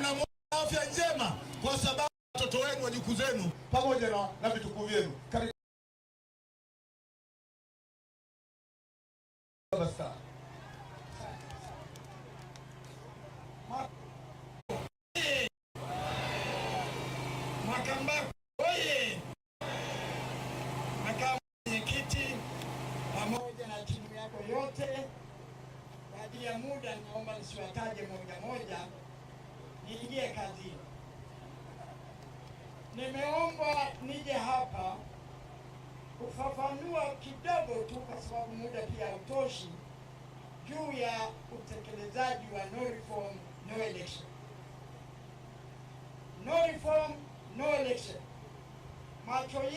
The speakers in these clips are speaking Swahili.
mnamuona afya njema kwa sababu watoto wenu wajukuu zenu pamoja na, na vitukuu vyenu Makambako oye! Makamu mwenyekiti pamoja na timu yako yote, baada ya muda, naomba nisiwataje moja moja niingie kazini. Nimeomba nije hapa kufafanua kidogo tu, kwa sababu muda pia hautoshi, juu ya utekelezaji wa no reform no election. No reform no election, macho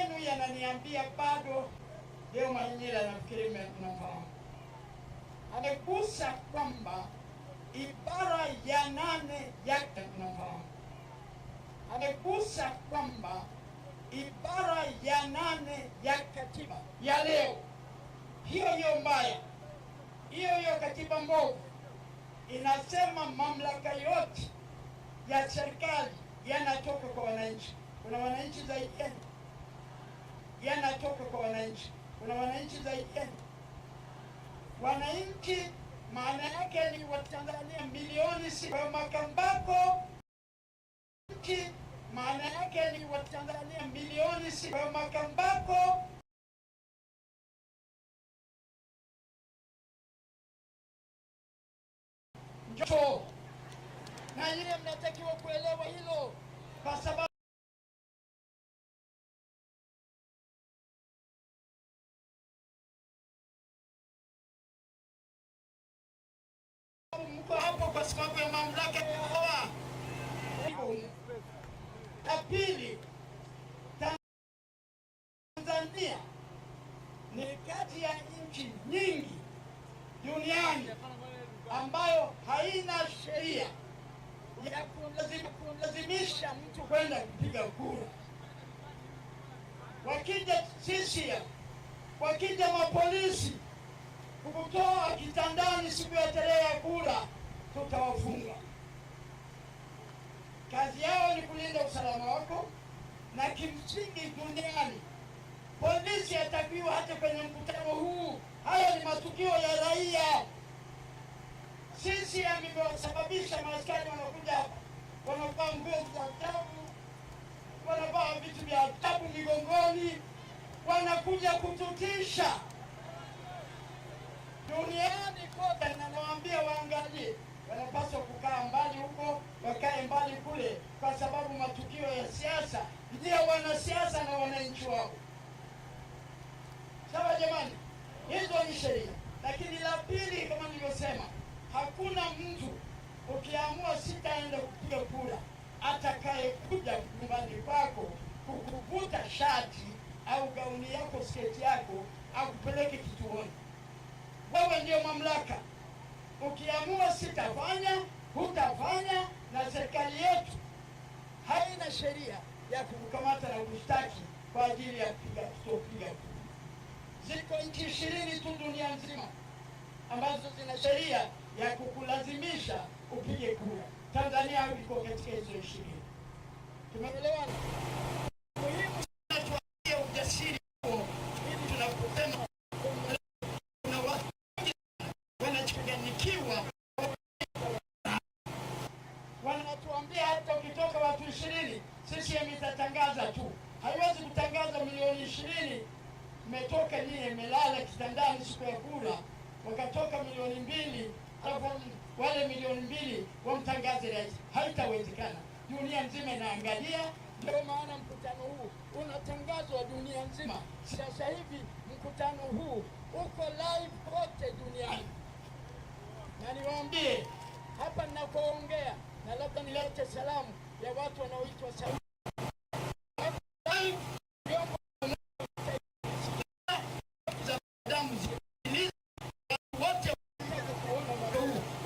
yenu yananiambia bado leo Mahinyela, nafikiri mnafahamu, amegusa kwamba ibara ya nane yake mnafahamu, amegusa kwamba ibara ya nane ya katiba ya leo hiyo hiyo mbaya hiyo hiyo katiba mbovu inasema mamlaka yote ya serikali yanatoka kwa wananchi. Kuna wananchi zaidi yanatoka kwa wananchi. Kuna wananchi zaidi yenu. Wananchi maana yake ni Watanzania milioni si Makambako nchi maana yake ni Watanzania milioni si Makambako na yeye mnatakiwa kuelewa hilo kwa sababu kwa sababu ya mamlaka ya mkoa. La pili, Tanzania ni kati ya nchi nyingi duniani ambayo haina sheria ya kumlazimisha mtu kwenda kupiga kura. Wakija CCM, wakija mapolisi kukutoa kitandani siku ya tarehe ya kura tutawafunga. Kazi yao ni kulinda usalama wako, na kimsingi duniani polisi atakiwa hata kwenye mkutano huu. Haya ni matukio ya raia. Sisi amewasababisha maaskari wanakuja hapa, wanavaa nguo za tabu wanavaa vitu vya tabu migongoni, wanakuja kututisha duniani kote, na nawaambia waangalie wanapaswa kukaa mbali huko, wakae mbali kule, kwa sababu matukio ya siasa ndio wanasiasa na wananchi wao. Sawa jamani, hizo ni sheria. Lakini la pili, kama nilivyosema, hakuna mtu ukiamua sitaenda kupiga kura atakaye kuja nyumbani kwako kukuvuta shati au gauni yako, sketi yako, akupeleke kituoni. Wewe ndio mamlaka. Ukiamua sitafanya, hutafanya, na serikali yetu haina sheria ya kumkamata na kumshtaki kwa ajili ya kupiga kutopiga kura. Ziko nchi ishirini tu dunia nzima ambazo zina sheria ya kukulazimisha upige kura. Tanzania iko katika hizo ishirini. Tumeelewana? watu ishirini, CCM itatangaza tu, haiwezi kutangaza milioni ishirini. Mmetoka nyie, melala kitandani siku ya kura, wakatoka milioni mbili, alafu wale milioni mbili wamtangaze rais, haitawezekana. Dunia nzima inaangalia, ndio maana mkutano huu unatangazwa dunia nzima. Sasa hivi mkutano huu uko live kote duniani, na niwaambie hapa ninakoongea na labda nilete salamu ya watu wanaoitwa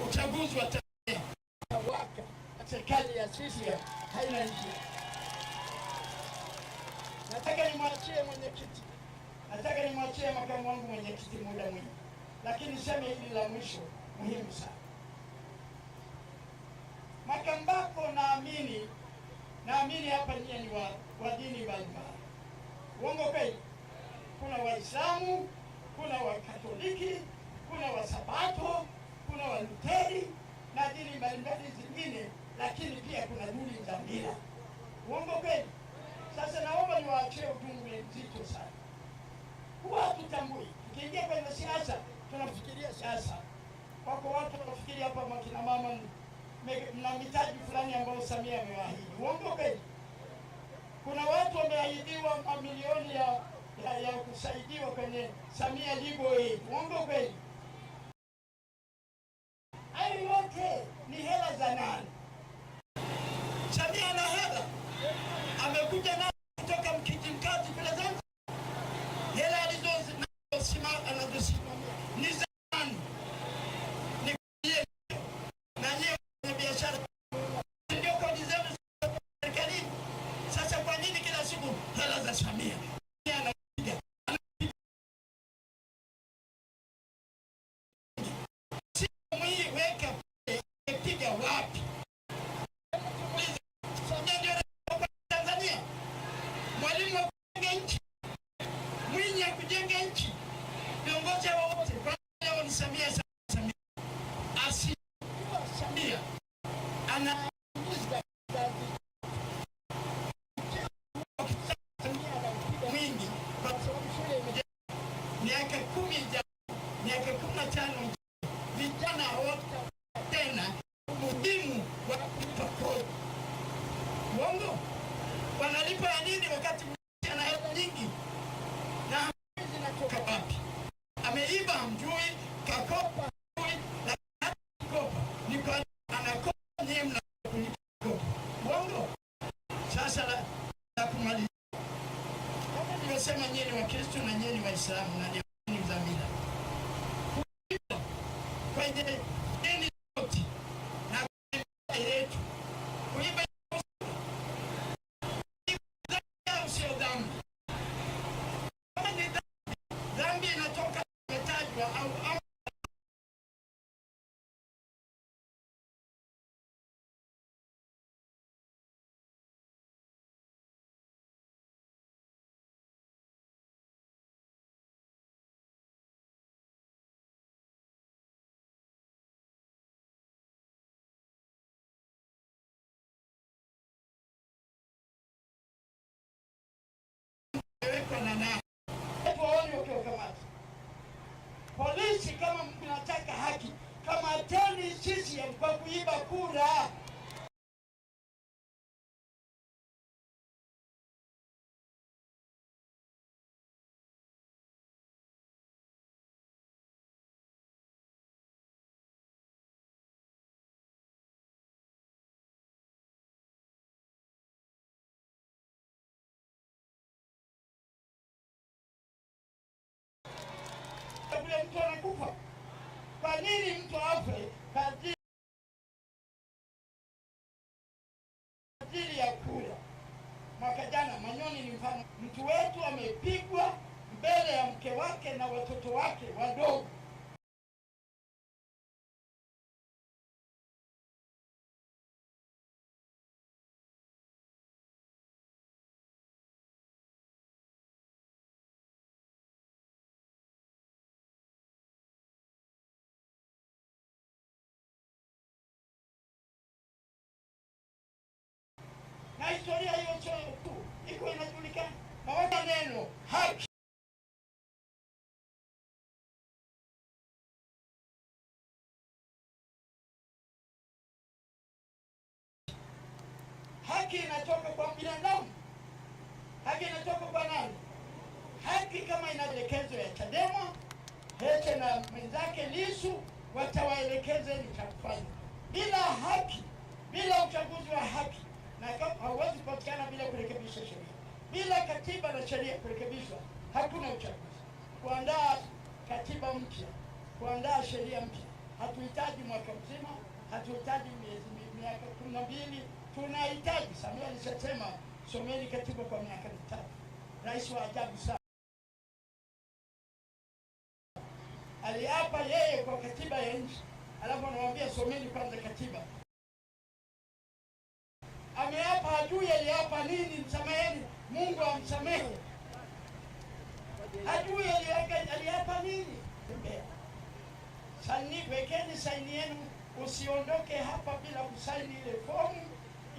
uchaguzi serikali ya sisi haina njia. Nataka nimwachie mwenyekiti, nataka nimwachie makamu wangu mwenyekiti muda mwingi, lakini sema hili la mwisho muhimu sana wakati ambapo naamini naamini hapa nyie ni wa, wa dini mbalimbali, uongo kweli? Kuna Waislamu, kuna Wakatoliki, kuna Wasabato, kuna Waluteri na dini mbalimbali zingine, lakini pia kuna dini za mila, uongo kweli? Sasa naomba niwaachie ujumbe mzito sana. Huwa hatutambui tukiingia kwenye siasa, tunafikiria siasa, wako watu wanafikiria hapa, wakina mama mna mitaji fulani ambayo Samia amewaahidi, uongo kweli? Kuna watu wameahidiwa mamilioni ya, ya, ya kusaidiwa kwenye Samia Legal Aid, uongo kweli? যে kuiba kura. Kwa nini mtu afe? na historia yote yangu iko inajulikana, mawaka neno haki haki inatoka kwa binadamu, haki inatoka kwa nani? Haki kama inaelekezo ya Chadema Heche na mwenzake Lisu, watawaelekezeni cha kufanya bila haki katiba na sheria kurekebishwa, hakuna uchaguzi. Kuandaa katiba mpya, kuandaa sheria mpya, hatuhitaji mwaka mzima, hatuhitaji miezi miaka kumi na mbili, tunahitaji Samia alishasema, someni katiba kwa miaka mitatu. Rais wa ajabu sana aliapa yeye kwa katiba ya nchi, alafu anawambia someni kwanza katiba ameapa, ajui aliapa nini. Msameheni, Mungu amsamehe, ajui aliapa nini. Saini, wekeni saini yenu, usiondoke hapa bila kusaini ile fomu.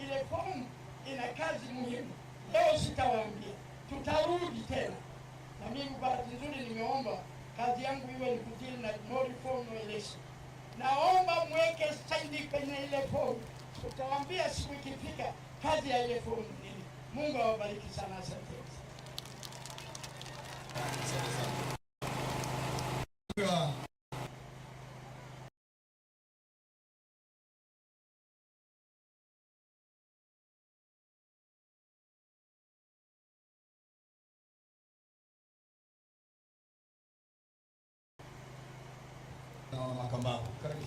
Ile fomu ina kazi muhimu. Leo sitawaambia, tutarudi tena. Na mimi bahati nzuri nimeomba kazi yangu iwe ni kutili na no reform no election. Naomba mweke saini kwenye ile fomu utawambia siku ikifika kazi ya ile fomu nini. Mungu awabariki sana, asante. Makambako, karibu sana.